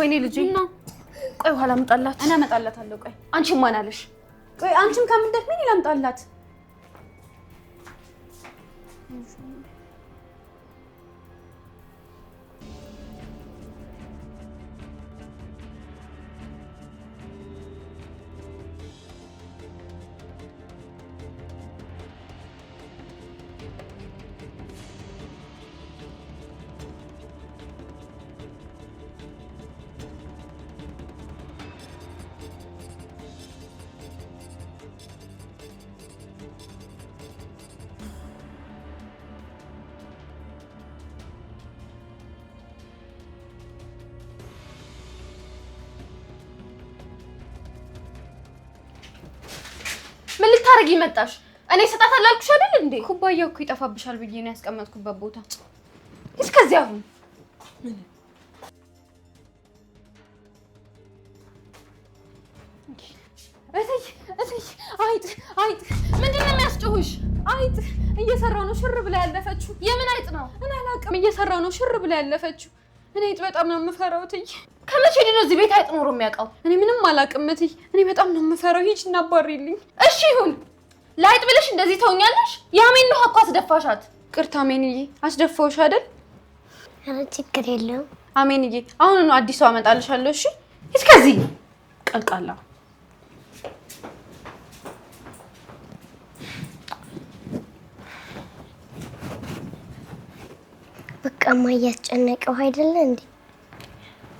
ወይኔ ልጄ፣ ቆይ ውሃ ላምጣላት እና እመጣላታለሁ። ቆይ አንቺም ማን አለሽ? ቆይ አንቺም ከምንደክሚኝ ላምጣላት ምን ልታረጊ መጣሽ? እኔ ሰጣታላልኩ አላልኩሽ አይደል እንዴ? ኩባያው እኮ ይጠፋብሻል ብዬ ነው ያስቀመጥኩበት ቦታ። እስከዚህ አሁን እትይ እትይ፣ አይጥ አይጥ፣ ምንድን ነው የሚያስጨውሽ? አይጥ እየሰራ ነው ሽር ብላ ያለፈችው። የምን አይጥ ነው? እኔ አላውቅም። እየሰራ ነው ሽር ብላ ያለፈችው። እኔ አይጥ በጣም ነው የምፈራው እትይ። ከመቼ ወዲህ ነው እዚህ ቤት አይጥ ኖሮ የሚያውቀው? እኔ ምንም አላውቅም እትይ። እኔ በጣም ነው የምፈራው። ሂጂ እናባሪልኝ እሺ ይሁን። ላይጥ ብለሽ እንደዚህ ተውኛለሽ? ያሜን ነው እኮ አስደፋሻት። ቅርታ አሜንዬ፣ አስደፋውሽ አይደል? ኧረ ችግር የለውም አሜንዬ። አሁን ነው አዲስ ሰው አመጣልሻለሁ። እሺ እስከዚህ ቀልቃላ በቃማ እያስጨነቀው አይደለ እንዴ?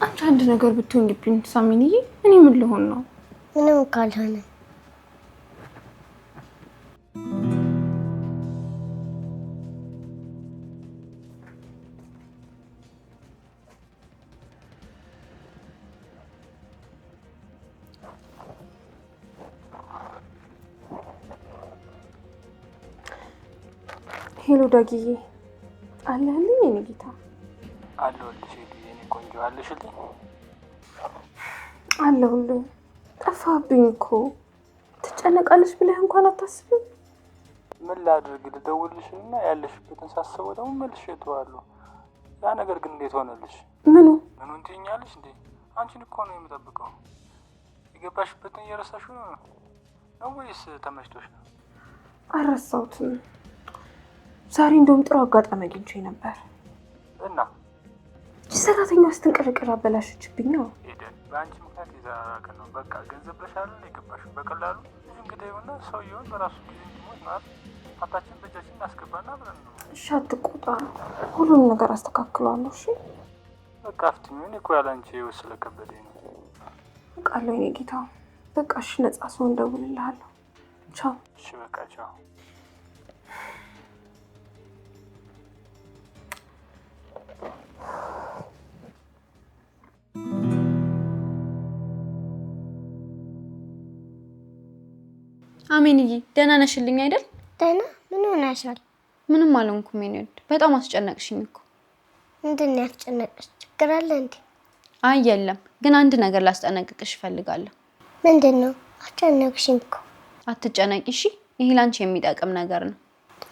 አንድ አንድ ነገር ብትሆንብኝ ሳሚንዬ፣ እኔ ምን ልሆን ነው? ምንም ካልሆነ ሄሎ ዳጊዬ፣ አለህልኝ የኔ ጌታ? አለሁልሽ የኔ ቆንጆ፣ አለሽልኝ? አለሁልኝ። ጠፋብኝ እኮ ትጨነቃለች ብለህ እንኳን አታስብም። ምን ላድርግ? ልደውልልሽና ያለሽበትን ሳስበው ደግሞ መልሼ እተዋለሁ። ያ ነገር ግን እንዴት ሆነልሽ? ምኑ ምኑ እንትኛለሽ እንዴ? አንቺን እኮ ነው የምጠብቀው። የገባሽበትን እየረሳሽ ነው ነው ወይስ ተመችቶሽ ነው? አልረሳሁትም። ዛሬ እንደውም ጥሩ አጋጣሚ አግኝቼ ነበር። እና ሰራተኛ ስትንቀረቀር አበላሸችብኝ ነው። በአንቺ ምክንያት የዛቀ ነው። በቃ ገንዘብ በሻል የገባሽ በቀላሉ እንግዲህ የሆነ ሰውየውን በራሱ ጊዜ እንዲሞት ማለት ሀብታችን በእጃችን እናስገባና ብለን ነው። እሺ አትቆጣ፣ ሁሉም ነገር አስተካክለዋለሁ። እሺ በቃ አፍትሚውን እኮ ያለ አንቺ ህይወት ስለከበደኝ ነው። ቃለ ኔ ጌታ በቃ እሺ፣ ነጻ ሰው እንደውልልሃለሁ። ቻው። እሺ በቃ ቻው። አሜንዬ ደህና ነሽልኝ አይደል? ደህና ምን ሆነሻል? ምንም አልሆንኩም። ምን በጣም አስጨነቅሽኝ እኮ። ምንድን ነው ያስጨነቅሽ? ችግር አለ እንዴ? አይ የለም፣ ግን አንድ ነገር ላስጠነቅቅሽ እፈልጋለሁ። ምንድን ነው? አስጨነቅሽኝ እኮ። አትጨነቂ እሺ። ይሄ ላንቺ የሚጠቅም ነገር ነው።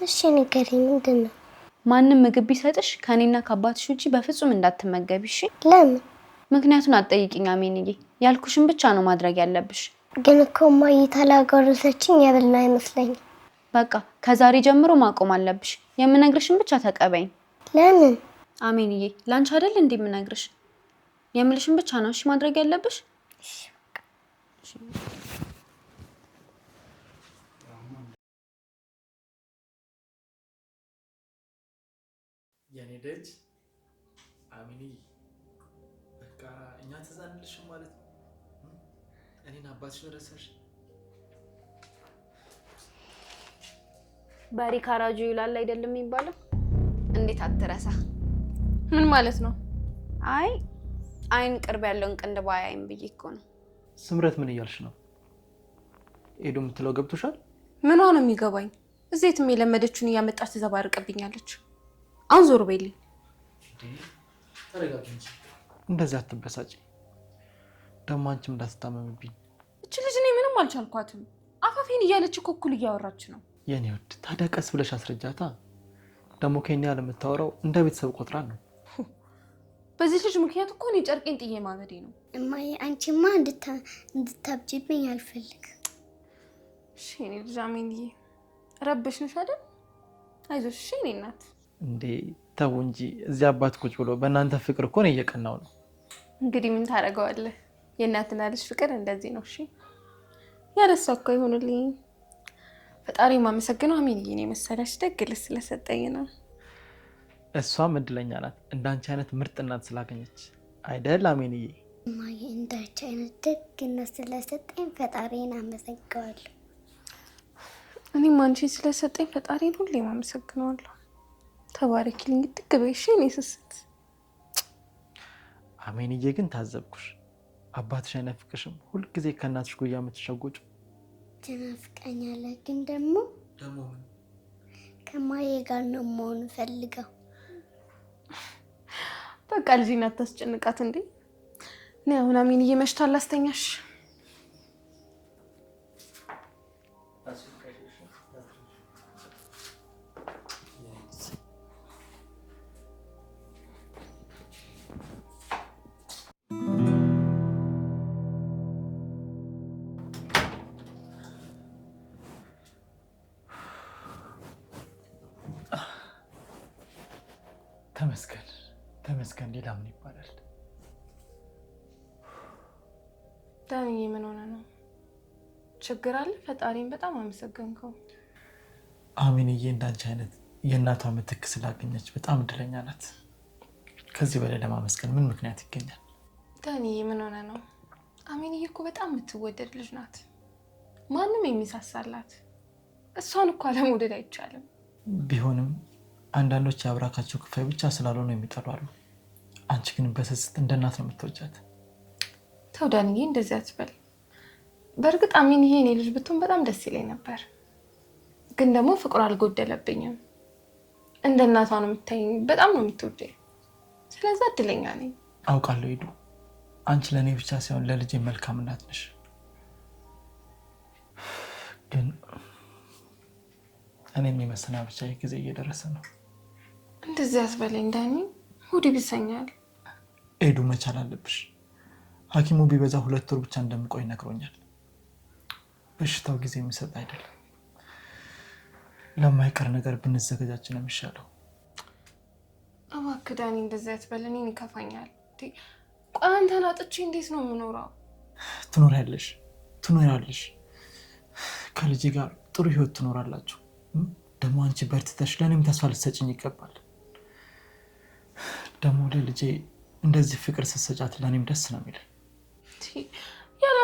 እሺ ንገሪኝ፣ ምንድን ነው? ማንም ምግብ ቢሰጥሽ ከኔና ከአባትሽ ውጭ በፍጹም እንዳትመገቢ እሺ። ለምን? ምክንያቱን አትጠይቂኝ አሜንዬ። ያልኩሽን ብቻ ነው ማድረግ ያለብሽ። ግን እኮ እማዬ ታላጎረሰችኝ የበላ አይመስለኝ። በቃ ከዛሬ ጀምሮ ማቆም አለብሽ። የምነግርሽን ብቻ ተቀበይኝ። ለምን? አሜንዬ ላንቺ አይደል እንዴ የምነግርሽ? የምልሽን ብቻ ነው እሺ ማድረግ ያለብሽ። የኔ ደጅ አሚኒ በቃ እኛ ትዝ ማለት ነው። እኔን አባትሽን ረሳሽ። በሬ ካራጁ ይውላል አይደለም የሚባለው? እንዴት አትረሳ? ምን ማለት ነው? አይ አይን ቅርብ ያለውን ቅንድብ አያይም ብዬ እኮ ነው። ስምረት ምን እያልሽ ነው? ኤዱ የምትለው ገብቶሻል? ምኗ ነው የሚገባኝ? እዚህ የትም የለመደችውን እያመጣች ትዘባርቅብኛለች። አሁን ዞር በይልኝ። አትበሳጭ። ደግሞ አንቺም እንዳትታመምብኝ። እች ልጅ እኔ ምንም አልቻልኳትም። አፋፌን እያለች ኮኩል እያወራች ነው። የኔ ውድ ታዲያ ቀስ ብለሽ አስረጃታ። ደግሞ ከኛ ለምታወራው እንደ ቤተሰብ ቆጥራ ነው። በዚህ ልጅ ምክንያት እኮ እኔ ጨርቄን ጥዬ ማበዴ ነው። እማዬ አንቺማ እንድታብጅብኝ አልፈልግ። እሺ እኔ ልጅ አሜንዬ፣ ነሽ አይደል? አይዞሽ። እሺ እኔ እናት እንዴ ተው እንጂ እዚህ አባት ቁጭ ብሎ በእናንተ ፍቅር እኮ ነው እየቀናው ነው። እንግዲህ ምን ታደርገዋለህ? የእናትና ልጅ ፍቅር እንደዚህ ነው። እሺ ያለሷ እኮ ይሆኑልኝ። ፈጣሪ ማመሰግነው አሜንዬን የመሰለች ደግ ልጅ ስለሰጠኝ ነው። እሷም እድለኛ ናት እንዳንቺ አይነት ምርጥ እናት ስላገኘች አይደል? አሜንዬ እማዬ፣ እንዳንቺ አይነት ደግ ስለሰጠኝ ፈጣሪን አመሰግነዋለሁ። እኔም አንቺን ስለሰጠኝ ፈጣሪን ሁሌም አመሰግነዋለሁ። ተባረኪልኝ። ጥቅ በይሽ ስስት አሜንዬ። ግን ታዘብኩሽ። አባትሽ አይነፍቅሽም? ሁልጊዜ ከእናትሽ ጉያ የምትሸጎጭ ትናፍቀኛለ። ግን ደግሞ ደግሞ ከማዬ ጋር ነው መሆን ፈልገው። በቃ ልጅና ታስጨንቃት እንዴ! እኔ አሁን አሜንዬ መሽቷል፣ ላስተኛሽ ዳንዬ ምን ሆነ ነው? ችግር አለ? ፈጣሪን በጣም አመሰገንከው። አሜንዬ እንዳንቺ አይነት የእናቷ ምትክ ስላገኘች በጣም እድለኛ ናት። ከዚህ በላይ ለማመስገን ምን ምክንያት ይገኛል? ዳንዬ ምን ሆነ ነው? አሜንዬ እኮ በጣም የምትወደድ ልጅ ናት። ማንም የሚሳሳላት እሷን እኮ አለመውደድ አይቻልም። ቢሆንም አንዳንዶች የአብራካቸው ክፋይ ብቻ ስላልሆነ የሚጠሉ አሉ። አንቺ ግን በስስት እንደ እናት ነው የምትወጃት። ተው ዳንዬ፣ እንደዚህ አትበል። በእርግጥ አሚን ይሄ እኔ ልጅ ብትሆን በጣም ደስ ይለኝ ነበር፣ ግን ደግሞ ፍቅሩ አልጎደለብኝም። እንደ እናቷ ነው የምታይኝ። በጣም ነው የምትወደኝ። ስለዛ እድለኛ ነኝ። አውቃለሁ ሂዱ፣ አንቺ ለእኔ ብቻ ሳይሆን ለልጄ መልካም እናት ነሽ። ግን እኔም የመሰናበቻ ጊዜ እየደረሰ ነው። እንደዚህ አትበለኝ ዳኒ፣ እሑድ ይብሰኛል። ሄዱ መቻል አለብሽ ሐኪሙ ቢበዛ ሁለት ወር ብቻ እንደምቆይ ነግሮኛል። በሽታው ጊዜ የሚሰጥ አይደለም። ለማይቀር ነገር ብንዘገጃች ነው የሚሻለው። እባክህ ዳኒ እንደዚያ አትበል፣ እኔን ይከፋኛል። ቆይ አንተን አጥቼ እንዴት ነው የምኖረው? ትኖሪያለሽ፣ ትኖሪያለሽ። ከልጅ ጋር ጥሩ ህይወት ትኖራላችሁ። ደግሞ አንቺ በርትተሽ ለእኔም ተስፋ ልትሰጭኝ ይገባል። ደግሞ ለልጄ እንደዚህ ፍቅር ስትሰጫት ለእኔም ደስ ነው የሚለኝ።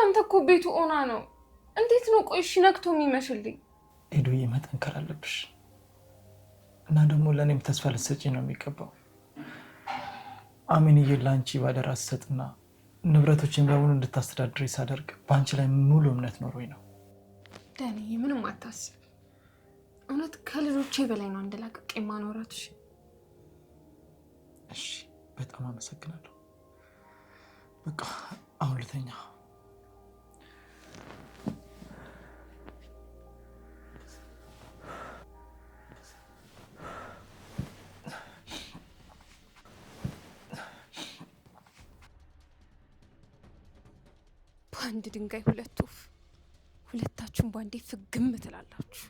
አንተ እኮ ቤቱ ኦና ነው። እንዴት ነው ቆይሽ ነክቶ የሚመስልኝ? ኤዱዬ መጠንከር አለብሽ እና ደግሞ ለእኔም ተስፋ ልትሰጪ ነው የሚገባው። አሜንዬ ለአንቺ ባደራ ስሰጥና ንብረቶችን በሙሉ እንድታስተዳድሪ ሳደርግ በአንቺ ላይ ሙሉ እምነት ኖሮኝ ነው። ዳኒ ምንም አታስብ። እውነት ከልጆቼ በላይ ነው እንደላቀቅ የማኖራትሽ። እሺ፣ በጣም አመሰግናለሁ። በቃ አሁን ልተኛ። ድንጋይ ሁለት ወፍ፣ ሁለታችሁም ባንዴ ፍግም ትላላችሁ።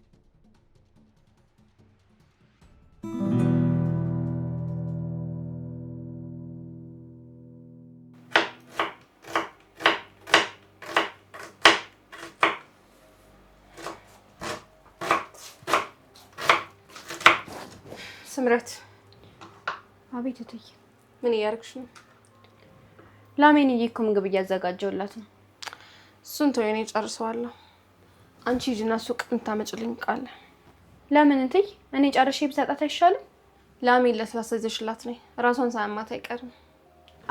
ስምረት። አቤት እትዬ፣ ምን እያደረግሽ ነው? ላሜን እኮ ምግብ እያዘጋጀውላት ነው። እሱን ተወው፣ እኔ ጨርሰዋለሁ። አንቺ ሂጂና ሱቅ የምታመጭልኝ ቃለ ለምን እንትይ እኔ ጨርሼ ብሰጣት አይሻልም? ላሜን ለስላሰዘሽላት ነኝ፣ ነይ፣ ራሷን ሳያማት አይቀርም።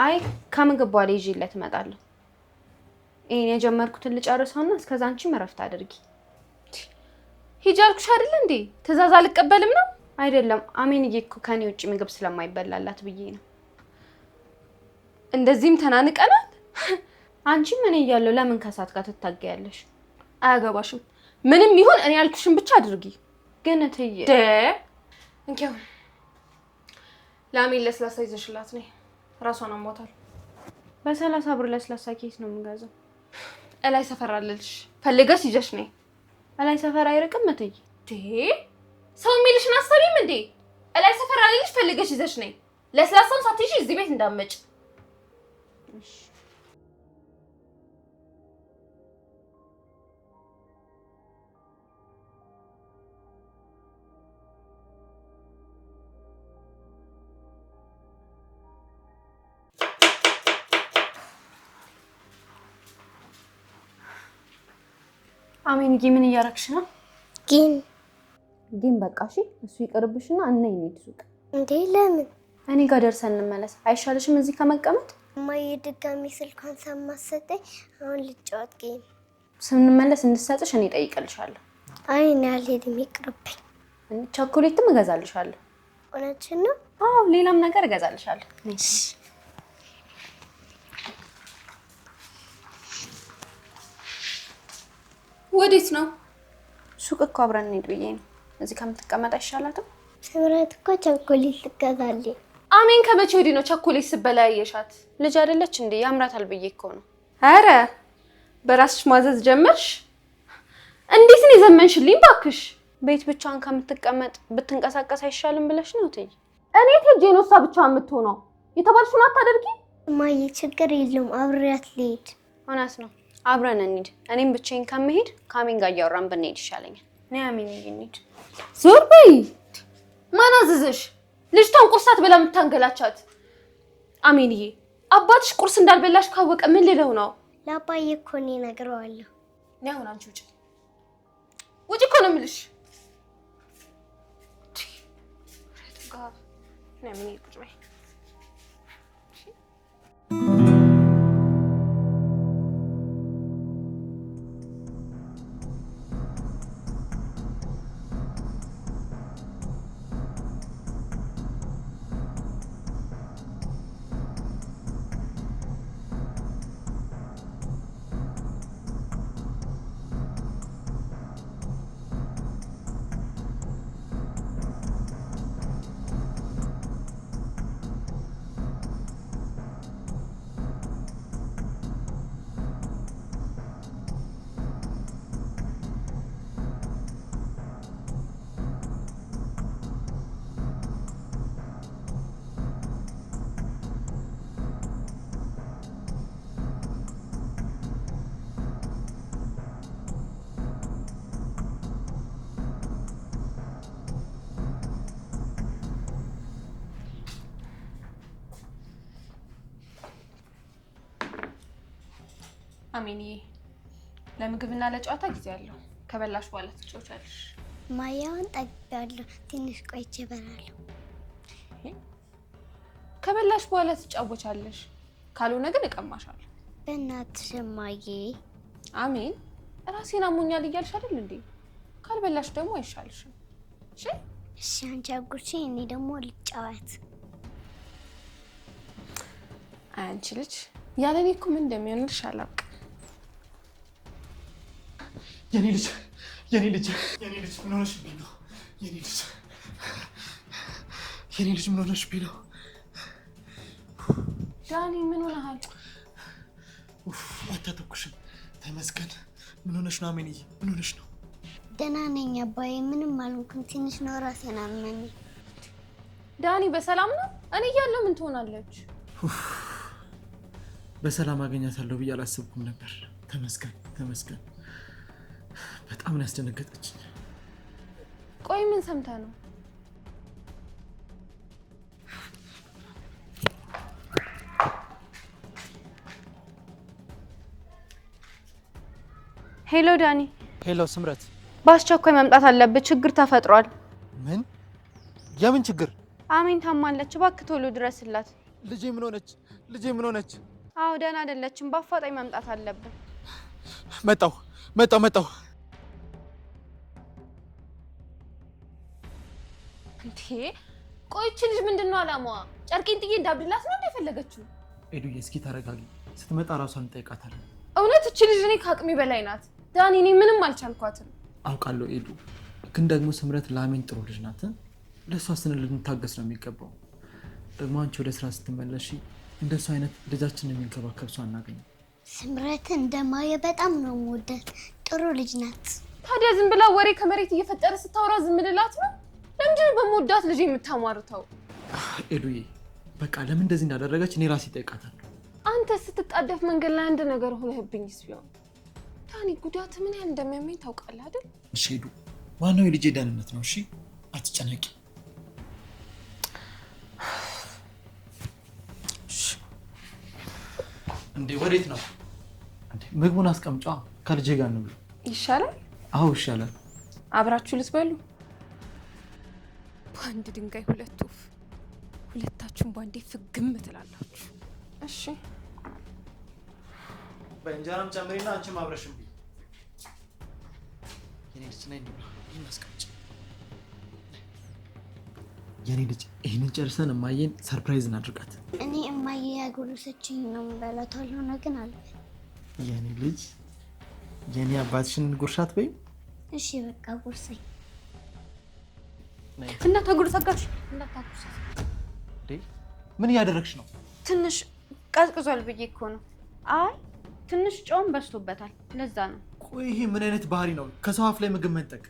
አይ ከምግብ በኋላ ይዤላት እመጣለሁ። ይህን የጀመርኩትን ልጨርሰውና እስከዛ አንቺም እረፍት አድርጊ። ሂጂ አልኩሽ አይደል እንዴ? ትእዛዝ አልቀበልም ነው አይደለም። አሜንዬ እኮ ከኔ ውጭ ምግብ ስለማይበላላት ብዬ ነው። እንደዚህም ተናንቀናል። አንቺ ምን እያለሁ ለምን ከእሳት ጋር ትታገያለሽ? አያገባሽም። ምንም ይሁን እኔ ያልኩሽን ብቻ አድርጊ። ግን እትዬ እንኪያው ላሜን ለስላሳ ይዘሽላት ነይ። ራሷን አሟታል። በሰላሳ ብር ለስላሳ ኬት ነው የምገዛው። እላይ ሰፈር አለልሽ ፈልገሽ ይዘሽ ነይ። እላይ ሰፈር አይርቅም እትዬ። ሰው የሚልሽን አሰቢም እንዴ? እላይ ሰፈር አለልሽ ፈልገሽ ይዘሽ ነይ። ለስላሳም ሳትይሽ እዚህ ቤት እንዳመጭ አሜን ጊ ምን እያረግሽ ነው? ግን ግን በቃ እሺ፣ እሱ ይቅርብሽና እና ይሄድ ሱቅ እንዴ? ለምን እኔ ጋር ደርሰን እንመለስ አይሻልሽም? እዚህ ከመቀመጥ እማዬ ድጋሚ ስልኳን ሳማሰጠኝ አሁን ልጫወት ጌም ስንመለስ እንድሰጥሽ እኔ ጠይቅልሻለሁ። አይ እኔ አልሄድም ይቅርብኝ። ቸኮሌትም እገዛልሻለሁ። እውነትሽን ነው? አዎ ሌላም ነገር እገዛልሻለሁ። እሺ ወዴት ነው? ሱቅ እኮ አብረን እንሂድ ብዬ ነው። እዚህ ከምትቀመጥ አይሻላትም? ህብረት እኮ ቸኮሌት ትገዛለች። አሜን፣ ከመቼ ወዲህ ነው ቸኮሌት ስበላያየሻት? ልጅ አይደለች እንዴ? ያምራታል ብዬ እኮ ነው። አረ በራስሽ ማዘዝ ጀመርሽ? እንዴት ነው የዘመንሽልኝ? ባክሽ ቤት ብቻዋን ከምትቀመጥ ብትንቀሳቀስ አይሻልም ብለሽ ነው ትይ? እኔ ቴጄ ነው እሷ ብቻዋን የምትሆነው። የተባልሽውን አታደርጊ። ማየ ችግር የለውም አብሬያት ልሄድ። እውነት ነው አብረን እንሂድ። እኔም ብቻዬን ከመሄድ ካሜን ጋር እያወራን ብንሄድ ይሻለኛል። እኔ አሜን እንሂድ። ዞር በይ። ማን አዘዘሽ? ልጅቷን ቁርሳት ብላ የምታንገላቻት አሜንዬ። አባትሽ ቁርስ እንዳልበላሽ ካወቀ ምን ልለው ነው? ለአባዬ እኮ እኔ እነግረዋለሁ። እኔ አሁን አንቺ ውጭ ውጭ እኮ ነው የምልሽ። ምን አሜንዬ ለምግብና ለጨዋታ ጊዜ አለው። ከበላሽ በኋላ ትጫወቻለሽ። ማያውን ጠግቤያለሁ። ትንሽ ቆይቼ እበላለሁ። ከበላሽ በኋላ ትጫወቻለሽ፣ ካልሆነ ግን እቀማሻለሁ። በእናትሽ እማዬ። አሜን ራሴን አሞኛል እያልሽ አይደል እንዴ? ካልበላሽ ደግሞ አይሻልሽም። እሺ እሺ። አንቺ አጉርቼ እኔ ደግሞ ልጫወት። አንቺ ልጅ ያለኔ እኮ ምን እንደሚሆንልሽ አላውቅም። የኔ ልጅ የኔ ልጅ የኔ ልጅ ምን ሆነሽብኝ ነው? የኔ ልጅ የኔ ልጅ ምን ሆነሽብኝ ነው? ዳኒ ምን ሆነሃል? አታተኩሽም፣ ተመስገን። ምን ሆነሽ ነው? አሜንዬ ምን ሆነሽ ነው? ደህና ነኝ አባዬ፣ ምንም አልሆንኩም። ትንሽ ነው ራሴን አመመኝ። ዳኒ በሰላም ነው? እኔ እያለሁ ምን ትሆናለች? በሰላም አገኛታለሁ ብዬ አላሰብኩም ነበር። ተመስገን ተመስገን በጣም ነው ያስደነገጠች። ቆይ ምን ሰምታ ነው? ሄሎ ዳኒ። ሄሎ ስምረት። በአስቸኳይ መምጣት አለብህ፣ ችግር ተፈጥሯል። ምን? የምን ችግር? አሜን ታማለች፣ እባክህ ቶሎ ድረስላት። ልጄ ምን ሆነች? ልጄ ምን ሆነች? አዎ ደህና አይደለችም፣ በአፋጣኝ መምጣት አለብን። መጣሁ መጣሁ መጣሁ እንዴ! ቆይቺ ልጅ ምንድን ነው አላማዋ? ጨርቄን ጥዬ እንዳብድላት ነው እንደፈለገችው? ኤዱዬ እስኪ ተረጋጊ። ስትመጣ ራሷን እንጠይቃታለን። እውነት እቺ ልጅ እኔ ከአቅሜ በላይ ናት ዳኒ። እኔ ምንም አልቻልኳትም። አውቃለሁ ኤዱ፣ ግን ደግሞ ስምረት ላሜን ጥሩ ልጅ ናት። ለእሷ ስን ልንታገስ ነው የሚገባው። ደግሞ አንቺ ወደ ስራ ስትመለሽ እንደሱ አይነት ልጃችንን የሚንከባከብ ሰው አናገኝም። ስምረትን እንደማየ በጣም ነው የምወዳት። ጥሩ ልጅ ናት። ታዲያ ዝም ብላ ወሬ ከመሬት እየፈጠረ ስታወራ ዝም ልላት ነው? ለምንድን በመወዳት ልጅ የምታሟርተው? ኤዱዬ በቃ ለምን እንደዚህ እንዳደረገች እኔ ራሴ ይጠይቃታል። አንተ ስትጣደፍ መንገድ ላይ አንድ ነገር ሆነህብኝ ሲሆን ዳኒ፣ ጉዳት ምን ያህል እንደሚያመኝ ታውቃለህ አይደል? እሺ ዋናው የልጄ ደህንነት ነው። እሺ አትጨነቂ። እንዴ ወዴት ነው? ምግቡን አስቀምጫ፣ ከልጄ ጋር እንብላ። ይሻላል? አዎ ይሻላል። አብራችሁ ልትበሉ በአንድ ድንጋይ ሁለት ወፍ፣ ሁለታችሁም በአንዴ ፍግም ትላላችሁ። እሺ በእንጀራም ጨምሪና አንቺም አብረሽም ብይ። የኔ ልጅ ና ይንብላ ይህን የኔ ልጅ ይህንን ጨርሰን እማዬን ሰርፕራይዝ እናድርጋት። እኔ እማዬ ያጎረሰችኝ ነው የምበላት፣ አልሆነ ግን አለ። የኔ ልጅ የኔ አባትሽን ጉርሻት በይ። እሺ በቃ ጉርሰኝ። እናት አጉል ምን እያደረግሽ ነው? ትንሽ ቀዝቅዟል ብዬ እኮ ነው። አይ ትንሽ ጨውም በዝቶበታል፣ ለዛ ነው። ቆይ ይሄ ምን አይነት ባህሪ ነው? ከሰው አፍ ላይ ምግብ መንጠቅ።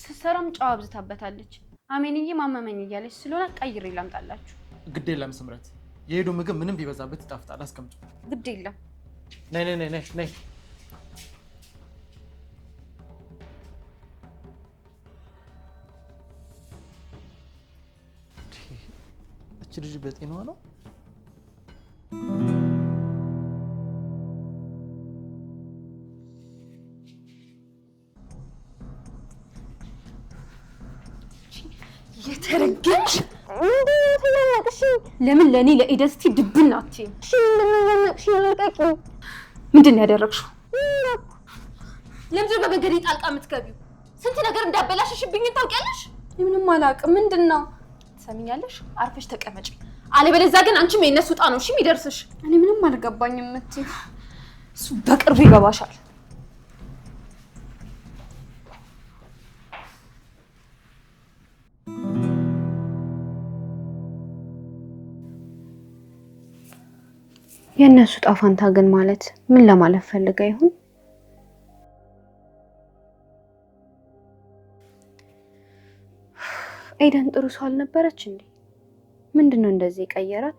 ስትሰራም ጨው አብዝታበታለች። አሜንዬ ማመመኝ እያለች ስለሆነ ቀይሬ ላምጣላችሁ። ግድ የለም ስምረት፣ የሄዱ ምግብ ምንም ቢበዛበት ይጣፍጣል። አስቀምጡ። ግድ የለም። ነይ ነይ ነይ ነይ ይች ልጅ በጤና ነው? የተረገምሽ እንዴት ለማቅሽ? ለምን ለእኔ ለኢደስቲ ድብናት? እሺ ምንድን ነው ለቀቂ ምንድን ነው ያደረግሽው? ለምንድን ነው በመንገዴ ጣልቃ የምትገቢው? ስንት ነገር እንዳበላሸሽብኝ ታውቂያለሽ? ምንም አላውቅም። ምንድን ነው ሰሚኛለሽ? አርፈሽ ተቀመጭ። አለበለዚያ ግን አንቺም የእነሱ ዕጣ ነው እሺ የሚደርስሽ። እኔ ምንም አልገባኝም እምትይው እሱ በቅርቡ ይገባሻል። የእነሱ ዕጣ ፈንታ ግን ማለት ምን ለማለት ፈልጋ ይሁን? ኤደን ጥሩ ሰው አልነበረች እንዴ? ምንድን ነው እንደዚህ የቀየራት?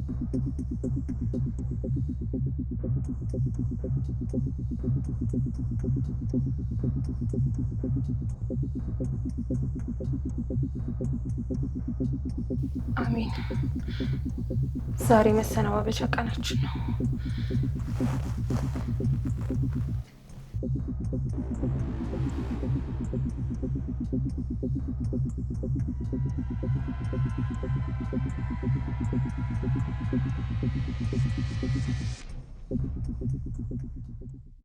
ዛሬ መሰነባበቻ ቀናችን ነው።